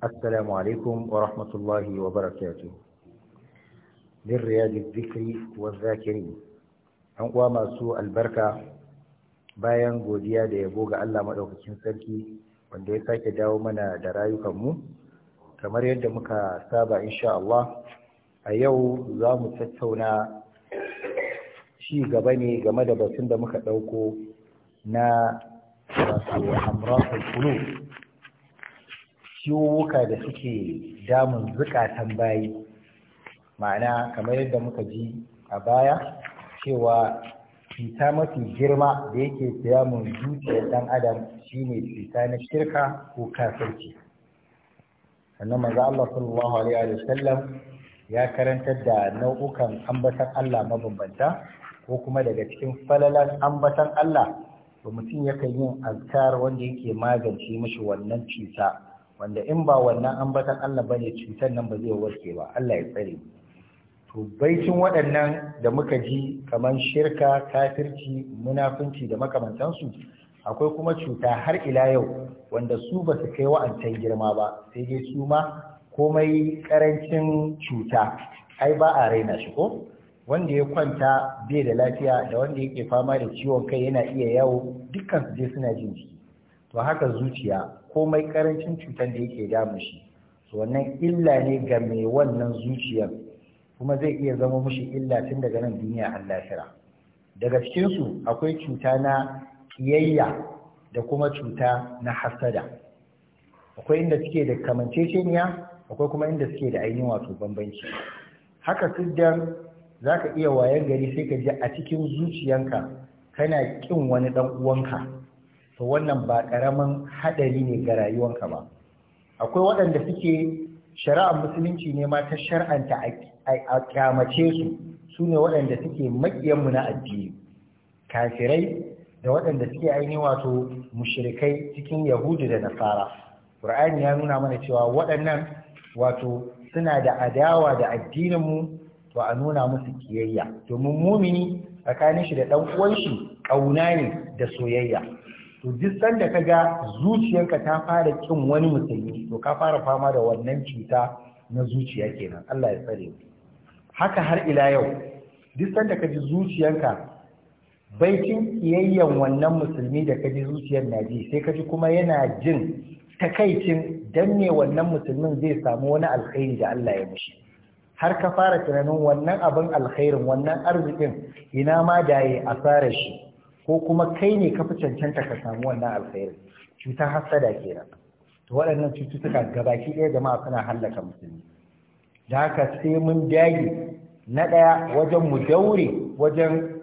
السلام عليكم ورحمة الله وبركاته للرياض الذكر والذاكرين أنقوى ما سوء البركة bayan godiya da yabo ga Allah maɗaukakin sarki wanda ya sake dawo mana da rayukanmu kamar yadda muka saba insha Allah a yau za mu tattauna ci gaba ne game da batun da muka ɗauko na wato amrafin kulu ciwuka da suke damun zukatan bayi ma'ana kamar yadda muka ji a baya cewa cuta mafi girma da yake damun zuciyar dan adam shine cuta na shirka ko kafirci sannan maza Allah sallallahu alaihi wa sallam ya karantar da nau'ukan ambatan Allah mabambanta ko kuma daga cikin falalan ambatan Allah to mutum yakan yin azkar wanda yake magance mashi wannan cuta wanda in ba wannan ambatan Allah bane cutar nan ba zai warke ba Allah ya tsare to baitin waɗannan da muka ji kaman shirka kafirci munafunci da su akwai kuma cuta har ila yau wanda su ba su kai wa'ancan girma ba sai dai su ma komai karancin cuta ai ba a raina shi ko wanda ya kwanta bai da lafiya da wanda yake fama da ciwon kai yana iya yawo dukkan su je suna jin jiki to haka zuciya komai karancin cutar da yake damu shi to wannan illa ne ga mai wannan zuciyar kuma zai iya zama mushi illa tun daga nan duniya har lahira daga cikin su akwai cuta na kiyayya da kuma cuta na hasada akwai inda suke da kamanceceniya akwai kuma inda suke da ainihin wato bambanci haka siddar zaka iya wayan gari sai ka ji a cikin zuciyanka kana kin wani dan uwanka to wannan ba ƙaramin haɗari ne ga rayuwanka ba akwai waɗanda suke shari'ar musulunci ne ma ta shar'anta a kyamace su su ne waɗanda suke maƙiyanmu na addini kafirai da waɗanda suke ainihin wato mushrikai cikin yahudu da nasara ƙur'ani ya nuna mana cewa waɗannan wato suna da adawa da addininmu to a nuna musu kiyayya domin mumini tsakanin shi da ɗan uwan shi ƙauna ne da soyayya to duk sanda ka ga zuciyarka ta fara kin wani musulmi to ka fara fama da wannan cuta na zuciya kenan Allah ya tsare mu haka har ila yau duk sanda ka ji zuciyarka kin iyayen wannan musulmi da ka ji zuciyar na ji sai ka ji kuma yana jin takaicin dan ne wannan musulmin zai samu wani alkhairi da Allah ya mishi har ka fara tunanin wannan abin alkhairin wannan arzikin ina ma da a fara shi ko kuma kai ne ka fi cancanta ka samu wannan alkhairi cutar hasada kenan to waɗannan cututtuka gabaki ɗaya jama'a suna hallaka musulmi da haka sai mun dage na ɗaya wajen mu daure wajen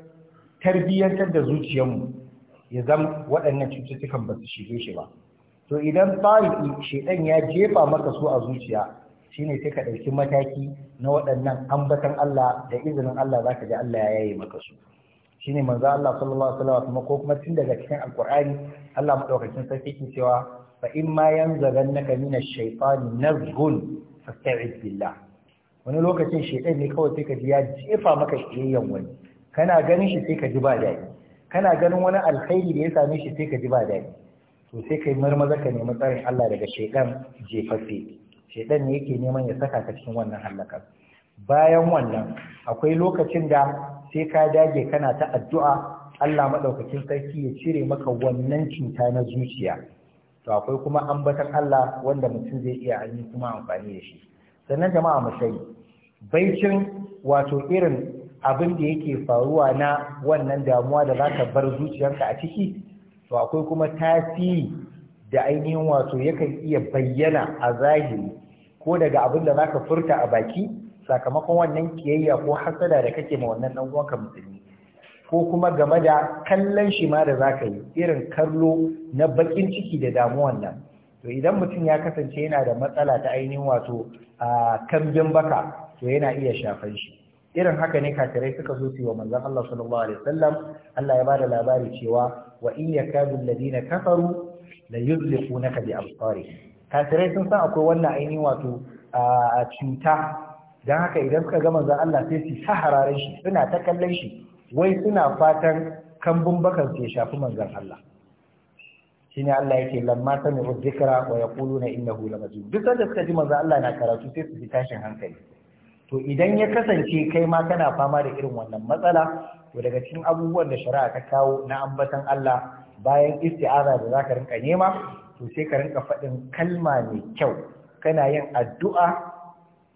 tarbiyyantar da zuciyarmu ya zama waɗannan cututtukan ba su shige shi ba to idan tsariki shedan ya jefa maka su a zuciya shine sai ka ɗauki mataki na waɗannan ambatan Allah da izinin Allah za zaka ji Allah ya yaye maka su shine manzo Allah sallallahu alaihi wasallam ko kuma tun daga cikin alqur'ani Allah madaukakin sarki ke cewa fa in ma yanzaghannaka min ash-shaytani nazghun fasta'id billah wani lokacin shaytan ne kawai sai ka ji ya jefa maka kiyayyan wani kana ganin shi sai ka ji ba dadi kana ganin wani alkhairi da ya same shi sai ka ji ba dadi to sai kai marmaza ka nemi tsarin Allah daga shaytan jefaffe shaytan ne yake neman ya saka ka cikin wannan halakar bayan wannan akwai lokacin da sai ka dage kana ta addu'a Allah maɗaukakin sarki ya cire maka wannan cuta na zuciya to akwai kuma ambatan Allah wanda mutum zai iya yi kuma amfani da shi sannan jama'a mu sani baicin wato irin abin da yake faruwa na wannan damuwa da zaka bar zuciyarka a ciki to akwai kuma tasiri da ainihin wato yakan iya bayyana a zahiri ko daga abin da zaka furta a baki sakamakon wannan kiyayya ko hasada da kake ma wannan ɗan uwanka musulmi ko kuma game da kallon shi ma da za ka yi irin kallo na bakin ciki da damuwan nan to idan mutum ya kasance yana da matsala ta ainihin wato a kambin baka to yana iya shafan shi irin haka ne kafirai suka zo su yi wa manzon Allah sallallahu alaihi wasallam Allah ya bada labari cewa wa in yakadu alladhina kafaru la yuzliqunaka bi absarihim kafirai sun san akwai wannan ainihin wato a cuta don haka idan suka ga manzon Allah sai su hararen shi suna ta kallon shi wai suna fatan kambun bakan su ya shafi manzon Allah shine Allah yake lamma sami'u dhikra wa yaquluna innahu lamajnun duk sanda suka ji manzo Allah na karatu sai su ji tashin hankali to idan ya kasance kai ma kana fama da irin wannan matsala to daga cikin abubuwan da shari'a ta kawo na ambatan Allah bayan isti'ara da zaka rinka nema to sai ka rinka faɗin kalma mai kyau kana yin addu'a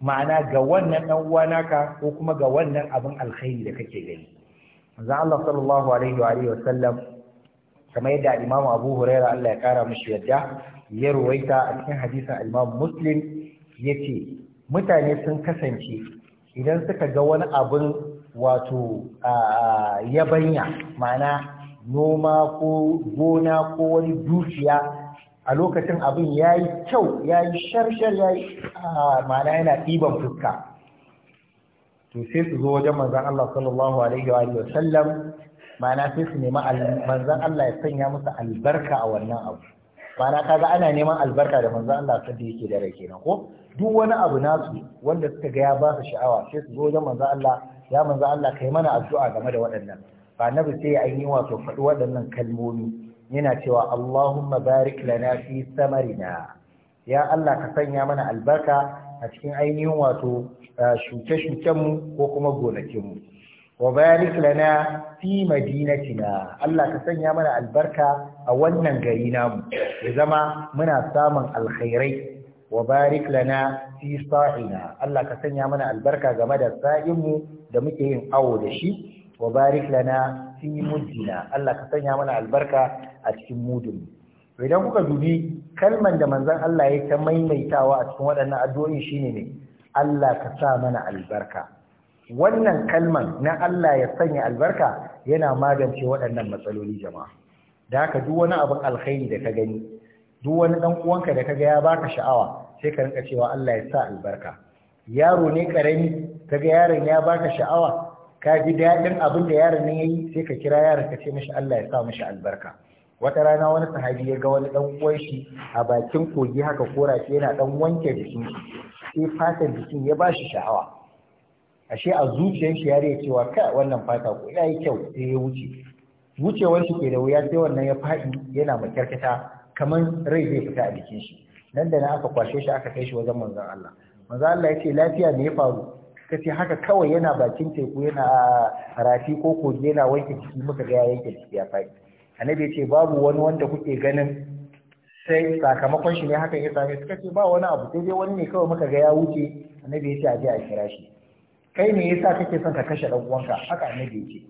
ma'ana ga wannan ɗan uwa naka ko kuma ga wannan abin alkhairi da kake gani manzon Allah sallallahu alaihi wa alihi wa sallam kamar yadda al-Imam Abu Hurairah Allah ya kara mishi yadda ya ruwaita a cikin hadisin al-Imam Muslim yace mutane sun kasance idan suka ga wani abin wato yabanya ma'ana noma ko gona ko wani dukiya a lokacin abin ya yi kyau ya yi sharshar ya yi mana yana ɗiban fuska to sai su zo wajen manzan Allah sallallahu alaihi wa sallam mana sai su nemi manzan Allah ya sanya musu albarka a wannan abu mana kaga ana neman albarka da manzan Allah sun da yake da rai kenan ko duk wani abu nasu wanda suka ga ya ba su sha'awa sai su zo wajen manzan Allah ya manzan Allah kai mana addu'a game da waɗannan ba nabi sai ya yi wato faɗi waɗannan kalmomi yana cewa Allahumma barik lana fi samarina ya Allah ka sanya mana albarka a cikin ainihin wato shuke-shukenmu ko kuma gonakinmu wa barik lana fi madinatina Allah ka sanya mana albarka a wannan gari namu ya zama muna samun alkhairai wa barik lana fi sa'ina Allah ka sanya mana albarka game da mu da muke yin awo da shi wa barik lana fi mujina Allah ka sanya mana albarka a cikin mudun idan kuka dubi kalman da manzon Allah ya ta maimaitawa a cikin waɗannan addu'o'in shine ne Allah ka sa mana albarka wannan kalman na Allah ya sanya albarka yana magance waɗannan matsaloli jama'a da haka duk wani abin alkhairi da ka gani duk wani ɗan uwanka da ka ga ya baka sha'awa sai ka rinka cewa Allah ya sa albarka yaro ne karami ga yaron ya baka sha'awa ka ji daɗin abin da yaron ne yayi sai ka kira yaron ka ce mashi Allah ya sa mashi albarka wata rana wani sahabi ya ga wani dan uwan shi a bakin kogi haka kora yana dan wanke jikin shi sai fatan jikin ya ba shi sha'awa ashe a zuciyar shi ya rage cewa kai wannan fata ko ina yi kyau sai ya wuce wucewar shi ke da wuya sai wannan ya faɗi yana makyarkata kamar rai zai fita a jikin shi nan da na aka kwashe shi aka kai shi wajen manzon Allah manzon Allah ya ce lafiya ne ya faru kace haka kawai yana bakin teku yana rafi ko kogi yana wanke jiki muka ga ya yanke jiki ya faɗi annabi ce babu wani wanda kuke ganin sai sakamakon shi ne hakan ya same suka ce ba wani abu sai dai wani ne kawai muka ga ya wuce annabi ya ce a je a kira shi kai ne yasa kake son ka kashe dan uwanka haka annabi ya ce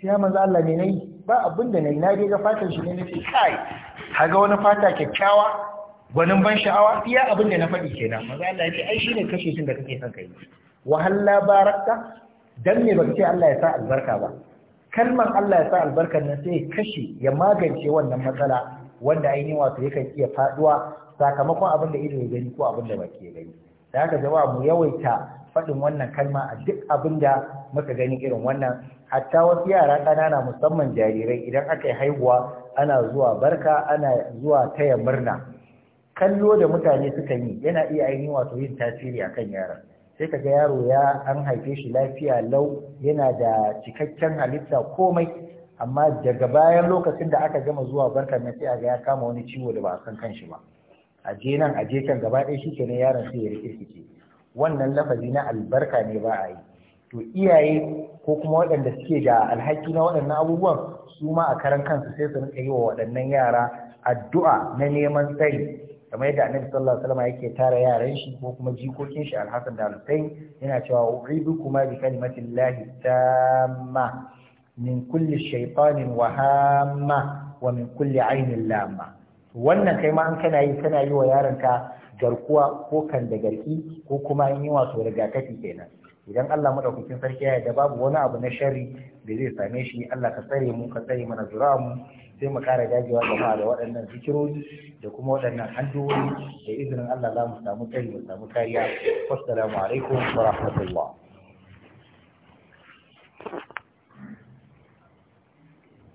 sai ya manzo Allah ne nayi ba abin da nayi na dai ga fatan shi ne nace kai kaga wani fata kyakkyawa gwanin ban sha'awa iya abin da na faɗi kenan manzo Allah ya ce ai shine kashe shin da kake son kai wahalla barakta dan ne baka ce Allah ya sa albarka ba kalman Allah ya sa albarkar nan sai kashe ya magance wannan matsala wanda ainihin wato yakan iya faduwa sakamakon abin da ido ya gani ko abin da baki ya gani da haka jama'a mu yawaita faɗin wannan kalma a duk abin da muka gani irin wannan hatta wasu yara ƙanana musamman jarirai idan aka yi haihuwa ana zuwa barka ana zuwa taya murna kallo da mutane suka yi yana iya ainihin wato yin tasiri akan yaran sai ka ga yaro ya an haife shi lafiya lau yana da cikakken halitta komai amma daga bayan lokacin da aka gama zuwa barkar na sai a ga ya kama wani ciwo da ba a san shi ba a je nan a je can gaba ɗaya shi kenan yaron sai ya rikirkice wannan lafazi na albarka ne ba a yi to iyaye ko kuma waɗanda suke da alhaki na waɗannan abubuwan su ma a karan kansu sai su rinka yi wa waɗannan yara addu'a na neman tsari kamar yadda annabi sallallahu alaihi wasallam yake tara yaran shi ko kuma jikokin shi alhassan da alhusain yana cewa uridu kuma bi kalimatillahi tamma min kulli shaytanin wa hamma wa min kulli ainin lama. wannan kai ma an kana yi kana yi wa yaranka garkuwa ko kan da garki ko kuma yin yi wato rigakafi kenan idan Allah madaukakin sarki ya yarda babu wani abu na sharri da zai same shi Allah ka tsare mu ka tsare mana zuramu sai mu kara dagewa jama'a da waɗannan zikirori da kuma waɗannan addu'o'i da izinin Allah za mu samu kai mu samu kariya wassalamu alaikum wa rahmatullah